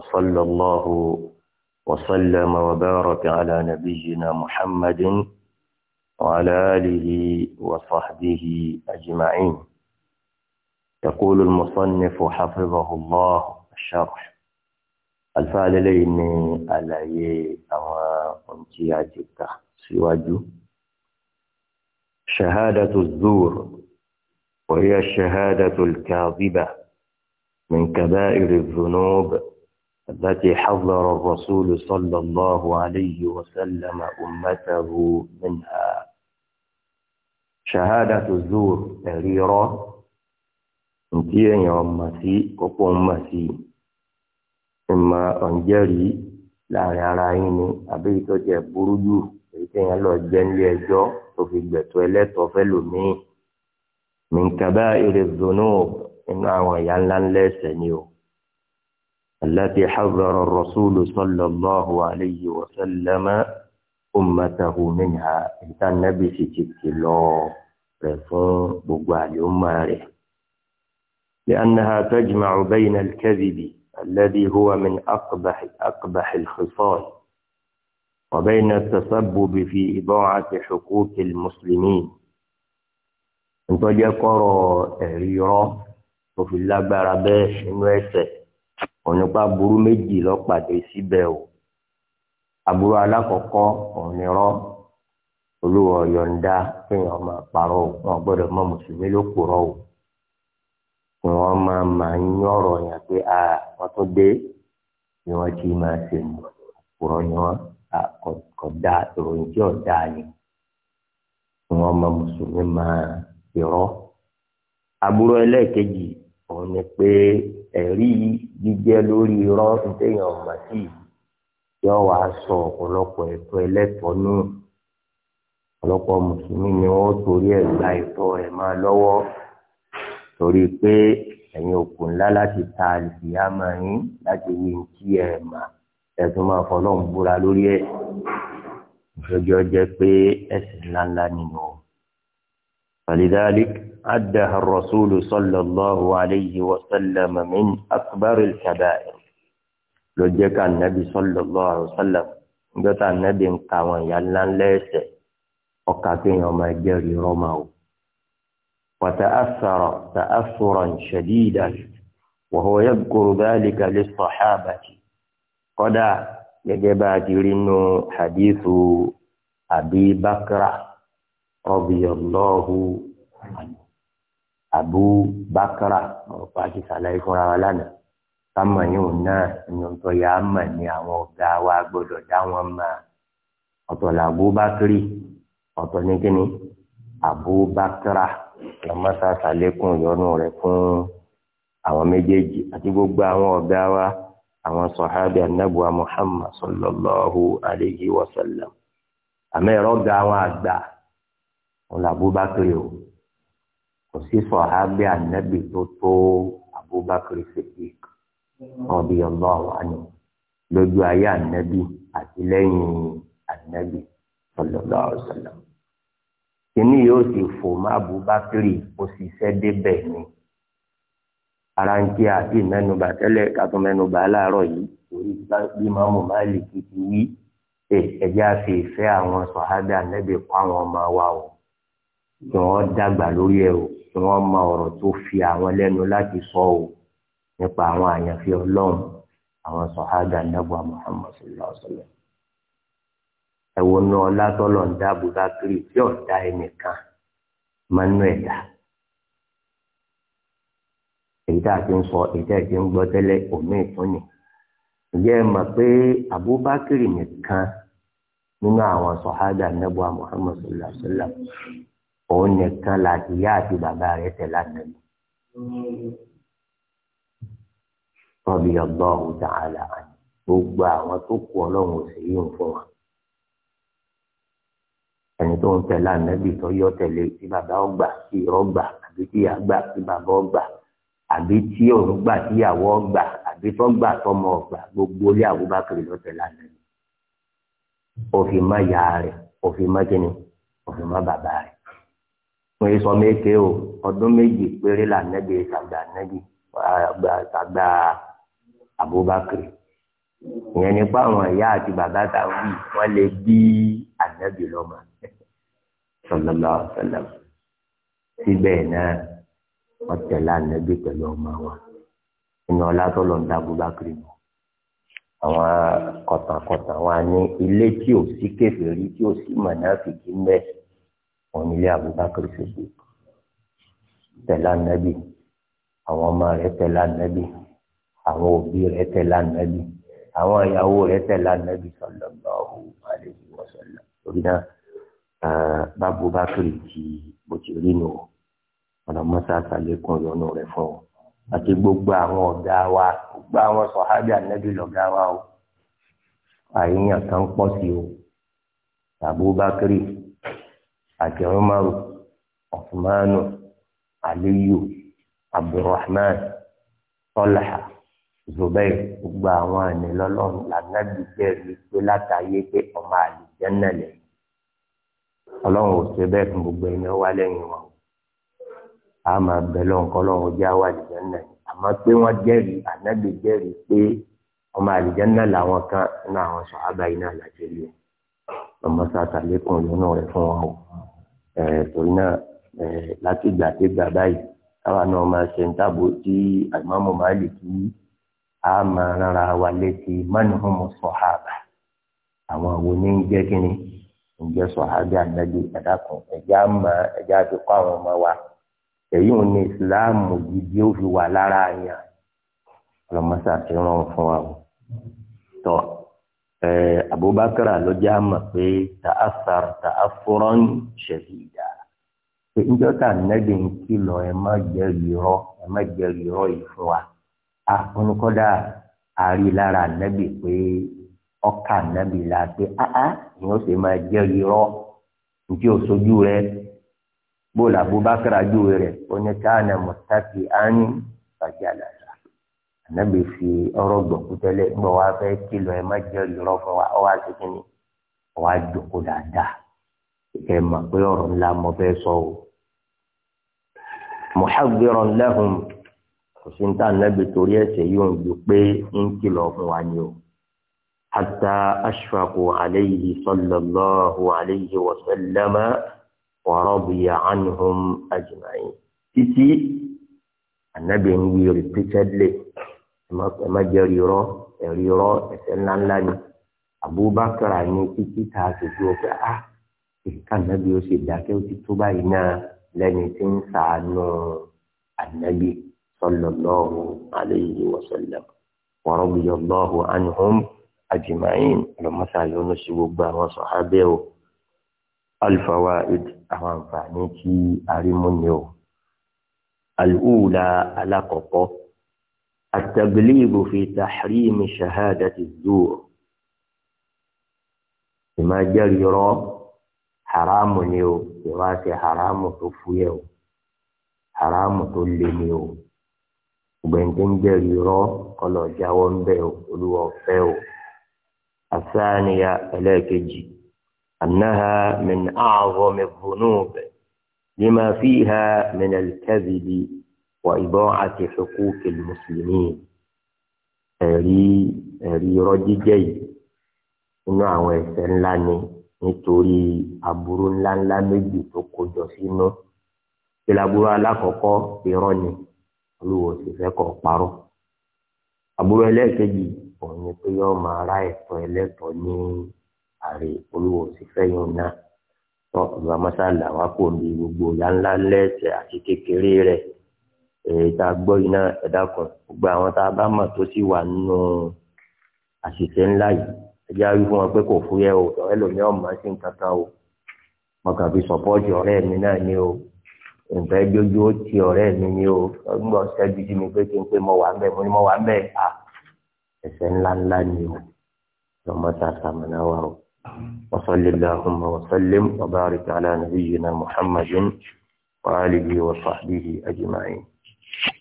وصلى الله وسلم وبارك على نبينا محمد وعلى آله وصحبه أجمعين يقول المصنف حفظه الله الشرح الفعل لين على أو أنتياجك سواجو شهادة الزور وهي الشهادة الكاذبة من كبائر الذنوب التي حذر الرسول صلى الله عليه وسلم أمته منها شهادة الزور تغييرا ntí èèyàn ọmọ sí kókó ọmọ sí ìmọ̀ ọ̀njẹ́rì láàrin ara yín ni àbí ìtọ́jẹ́ burú jù èyí téèyàn lọ jẹ́ nílé ẹjọ́ tó fi gbẹ̀tọ́ ẹlẹ́tọ́ fẹ́ lòmíì min kaba'iri dhunub inú àwọn ìyá ńlá ńlá ẹ̀ṣẹ̀ ni o. التي حذر الرسول صلى الله عليه وسلم أمته منها إنت النبي سيتك الله رفون بقوالي أماره لأنها تجمع بين الكذب الذي هو من أقبح أقبح الخصال وبين التسبب في إضاعة حقوق المسلمين أنت جاء قرأ وفي الله òun pa aburú méjì lọ pàdé síbẹ̀ o aburú alákọ̀ọ́kọ́ òun ni rọ́ olúwa yọ̀ǹda kéèyàn máa parọ́ o wọn gbọ́dọ̀ mọ mùsùlùmí ló purọ́ o kí wọ́n máa máa ń yọ̀rọ̀ yẹn pé a wọ́n tó dé ni wọ́n ti máa ṣe mọ̀ purọ́ ni wọ́n kọ̀dá ìròyìn tí ọ̀dá ni kí wọ́n máa mùsùlùmí máa irọ́ aburú ẹlẹ́ẹ̀kejì òun ni pé ẹ̀rí jíjẹ́ lórí irọ́ ntẹ̀yìn ọ̀mà sí yọ wá sọ ọ̀pọ̀lọpọ̀ ẹ̀tọ́ ẹlẹ́tọ̀ọ́ náà ọ̀pọ̀lọpọ̀ mùsùlùmí ni wọ́n torí ẹ̀ gba ẹ̀tọ́ rẹ̀ máa lọ́wọ́ torí pé ẹ̀yin òkú ńlá láti ta àlùfíà máa yín láti wí kí ẹ̀ mà ẹ̀tún máa fọlọ́run búra lórí ẹ̀ ìṣojú ọjọ́ pé ẹ̀sìn ńláńlá nínú ọ̀. عدها الرسول صلى الله عليه وسلم من أكبر الكبائر ló jẹ́ ká nàbì sallallahu alaihi wasallam níjọ́ tá nàbì ń ka àwọn ìyá ńlá ńlá ẹ̀ṣẹ̀ ọkà kéèyàn máa jẹ́rìí rọ́mà o. wa ta'aththara ta'aththuran shadidan wa huwa yadhkuru dhalika lis-sahabati kọ́dà gẹ́gẹ́ bá a ti rí nu hadithu Abi Bakra radiyallahu anhu. Abu Bakra ọ̀pá ti ṣàlàyé fúnra wa lánàá kámọ̀ yóò náà ẹ̀yìn tó yà á mọ̀ ní àwọn ọ̀gá wa gbọ́dọ̀ dá wọn mọ̀ ọ̀tọ̀ là Abu Bakri ọ̀tọ̀ ní kíni Abu Bakra lọ́mọ́sá ṣàlékún ìyọnu rẹ̀ fún àwọn méjèèjì àti gbogbo àwọn ọ̀gá wa àwọn sọ̀hábì anábùwà Muhammad sallallahu alayhi wa sallam àmì ẹ̀rọ ga àwọn àgbà ọ̀là Abu Bakri o kò sí sọ̀hábí ànábì tó tó Abubakar Siddiq radiyallahu anhu lójú ayé ànábì àti lẹ́yìn ànábì sallallahu alaihi wasallam. kìíní yóò sì fò má Abubakar kó sì ṣẹ́ débẹ̀ ni ara ń kí àti mẹ́nubà tẹ́lẹ̀ kátó mẹ́nubà láàárọ̀ yìí torí bí mọ́mú máàlì kìkì wí ẹ̀jẹ̀ àfi ìfẹ́ àwọn sọ̀hábí ànábì kọ́ àwọn ọmọ wa o kí wọ́n dàgbà lórí ẹ̀ o kí wọ́n mọ ọ̀rọ̀ tó fi àwọn lẹ́nu láti sọ o nípa àwọn àyànfẹ́ ọlọ́run àwọn sọ̀hádà nàbọ̀ Muhammad sallallahu alaihi wasallam ẹ̀wọ̀n náà látọ̀lọ̀ ń dáàbò bá kiri tí ọ̀dà ẹnìkan máa ń nú ẹ̀dá èyí tá a ti ń sọ èyí tá a ti ń gbọ́ tẹ́lẹ̀ òmíì tún ni ǹjẹ́ ẹ mọ̀ pé Abubakar nìkan nínú àwọn sọ̀hádà nàbọ̀ Muhammad sallallahu alaihi wasallam òun nìkan láti ìyá àti bàbá rẹ̀ tẹ̀lé ànábì. tọ́bi ọgbọ́n ọ̀hún tààlà àná gbogbo àwọn tó kù ọlọ́run ò sì yíyún fún wa. ẹni tó ń tẹ̀lé ànábì tó yọ tẹ̀lé tí bàbá ọgbà tí ọgbà àbí tí àgbà tí bàbá ọgbà àbí tí òun gbà tíyàwó ọgbà àbí tó gbà tọmọ ọgbà gbogbo ilé àwòbákiri ló tẹ̀lé ànábì. òfin má ya rẹ̀ òfin má kíni òfin má bàbá rẹ̀ wọ́n yìí sọ méje o ọdún méjì péré là nẹ́bi sàgbà nẹ́bi sàgbà Abubakar ìyẹn nípa àwọn ìyá àti bàbá tá a wí wọ́n lè bí ànẹ́bi lọ́mọ sọlọ́lá sọlọ́ síbẹ̀ náà wọ́n tẹ̀lé ànẹ́bi pẹ̀lú ọmọ wọn inú ọlá tó lọ ń da Abubakar mọ́ àwọn kọ̀tàkọ̀tà wa ní ilé tí ò sí kèfèrí tí ò sí mọ̀nàfìkì mẹ́sì onílé Abubakar ṣèṣe tẹ̀lé ànábì àwọn ọmọ rẹ̀ tẹ̀lé ànábì àwọn òbí rẹ̀ tẹ̀lé ànábì àwọn ìyàwó rẹ̀ tẹ̀lé ànábì sallallahu alaihi wasallam torí náà bábu bákìrì ti bó ti rí nù ọlọmọsá àtàlẹkùn yọnu rẹ̀ fún ọ àti gbogbo àwọn ọ̀gá wa gbogbo àwọn sọhábì ànábì lọgá wa o àyíyàn kan pọ̀ sí o Abubakar àti Umaru Uthmanu Aliyu Abdulrahman Talha Zubair gbogbo àwọn àmì lọ́lọ́run lànàbí jẹ́rìí pé látàyé pé ọmọ àlùjànnà lẹ́yìn ọlọ́run ò ṣe bẹ́ẹ̀ fún gbogbo ẹni ọwá lẹ́yìn wọn a máa bẹ lọ́nkọ́ ọlọ́run ó jẹ́ àwọn àlùjànnà àmọ́ pé wọ́n jẹ́rìí ànábì jẹ́rìí pé ọmọ àlìjánná làwọn kan nínú àwọn sọ̀hábà iná àlàjẹ́ lé ọmọ sàtàlékùn lónà rẹ̀ fún wọn o. Eh, torí náà eh, láti gbàdégbà báyìí káwa náà máa ṣe ń dáàbò tí àmọ́mọ́ máa lè kí a máa rárá wa létí mánìhùnmọ́ sọ̀hábà àwọn wo ní ń jẹ́ kínní ń jẹ́ sọ̀hábà ànágbé ẹ̀dá kan ẹ̀já máa ẹ̀já ti kọ́ àwọn ọmọ wa èyí ò ní ìsìláàmù gidi ó fi wà lára àyàn ọlọmọsà ti rán fún wa tọ́. Abubakar ló já mọ̀ pé ta'asar ta'afuran shadida pé níjọ́ tá nẹ́bí ń kìlọ̀ ẹ má jẹ́ irọ́ ẹ má jẹ́ irọ́ yìí fún wa akọ́nukọ́dà àárí lára nẹ́bí pé ọkà nẹ́bí la pé áá ni ó sì máa jẹ́ irọ́ njẹ́ òṣojú rẹ bóòlù Abubakar ajú rẹ oníkàánà mọ̀tàkì án fàjálà ànábì fi ọ̀rọ̀ gbọkú tẹ́lẹ̀ ńgbà wàá fẹ́ kìlọ̀ ẹ má jẹ ìrọ fún wa ọwọ àtẹkẹni ọwọ àjòkó dáadáa ẹ mà pé ọ̀rọ̀ ńlá mo fẹ́ sọ o muhabbiran lahum kò sí ní tá ànábì torí ẹsẹ yóò ń ju pé ń kìlọ̀ fún wa ni o hatta ashfaqu alayhi sallallahu alayhi wa sallama wa radiya anhum ajma'in títí ànábì ń wí repeatedly ẹ má jẹ́ rírọ́ ẹ̀rí rọ́ ẹ̀ṣẹ̀ ńláńlá ni Abubakar ní títí tá a ṣojú ọ̀pẹ a ìka nàbí ó ṣe dákẹ́ ó ti tó báyìí náà lẹ́ni tí ń sàánú ànábì sallallahu alayhi wa sallam wa radiyallahu anhum ajma'in lọ́mọ́sá gbogbo àwọn sọ̀hábẹ́ o al-fawaid àwọn àǹfààní tí arímúni o al-ula التقليب في تحريم شهادة الزور ما جل يرى حرام نيو يواسى حرام تفويو حرام تلنيو وبنتين جل يرى قال جاون بيو ولو فيو الثانية الاكجي أنها من أعظم الذنوب لما فيها من الكذب wà ìbọn àti huquq al-muslimin ẹ̀rí ẹ̀rí irọ́ jíjẹ́ yìí nínú àwọn ẹ̀ṣẹ̀ ńlá ni nítorí aburú ńláńlá méjì tó kójọ sínú ìlàbúrò alákọ̀ọ́kọ́ irọ́ ni olúwo sì fẹ́ kọ́ parọ́ aburú ẹlẹ́ẹ̀kejì òun ni pé yọ́ọ́ máa ra ẹ̀tọ́ ẹlẹ́tọ̀ọ́ ní àrè olúwo sì fẹ́ yọ̀ náà tọ́ ìgbà mọ́sálà wá kò gbogbo yánlá lẹ́sẹ̀ àti kékeré rẹ̀ èyí tá a gbọ́ yìí náà ẹ dákun gbogbo àwọn tá a bá mọ̀ tó sì wà nínú àṣìṣe ńlá yìí ẹ jẹ́ àwí fún wọn pé kò fúyẹ́ o ẹlòmíì ọ̀mọ́ sí nǹkan kan o mo kàn fi sọ̀pọ́ọ̀tì ọ̀rẹ́ mi náà ni o nǹkan ẹgbẹ́jú ó ti ọ̀rẹ́ mi ni o ọgbọ́n ṣẹ́jú sí mi pé kí n pé mo wà ń bẹ̀ mo ní mo wà ń bẹ̀ à ẹ̀ṣẹ̀ ńláńlá ni o lọ́mọ tá sàmìnà wa o وصل اللهم على نبينا محمد وآله وصحبه أجمعين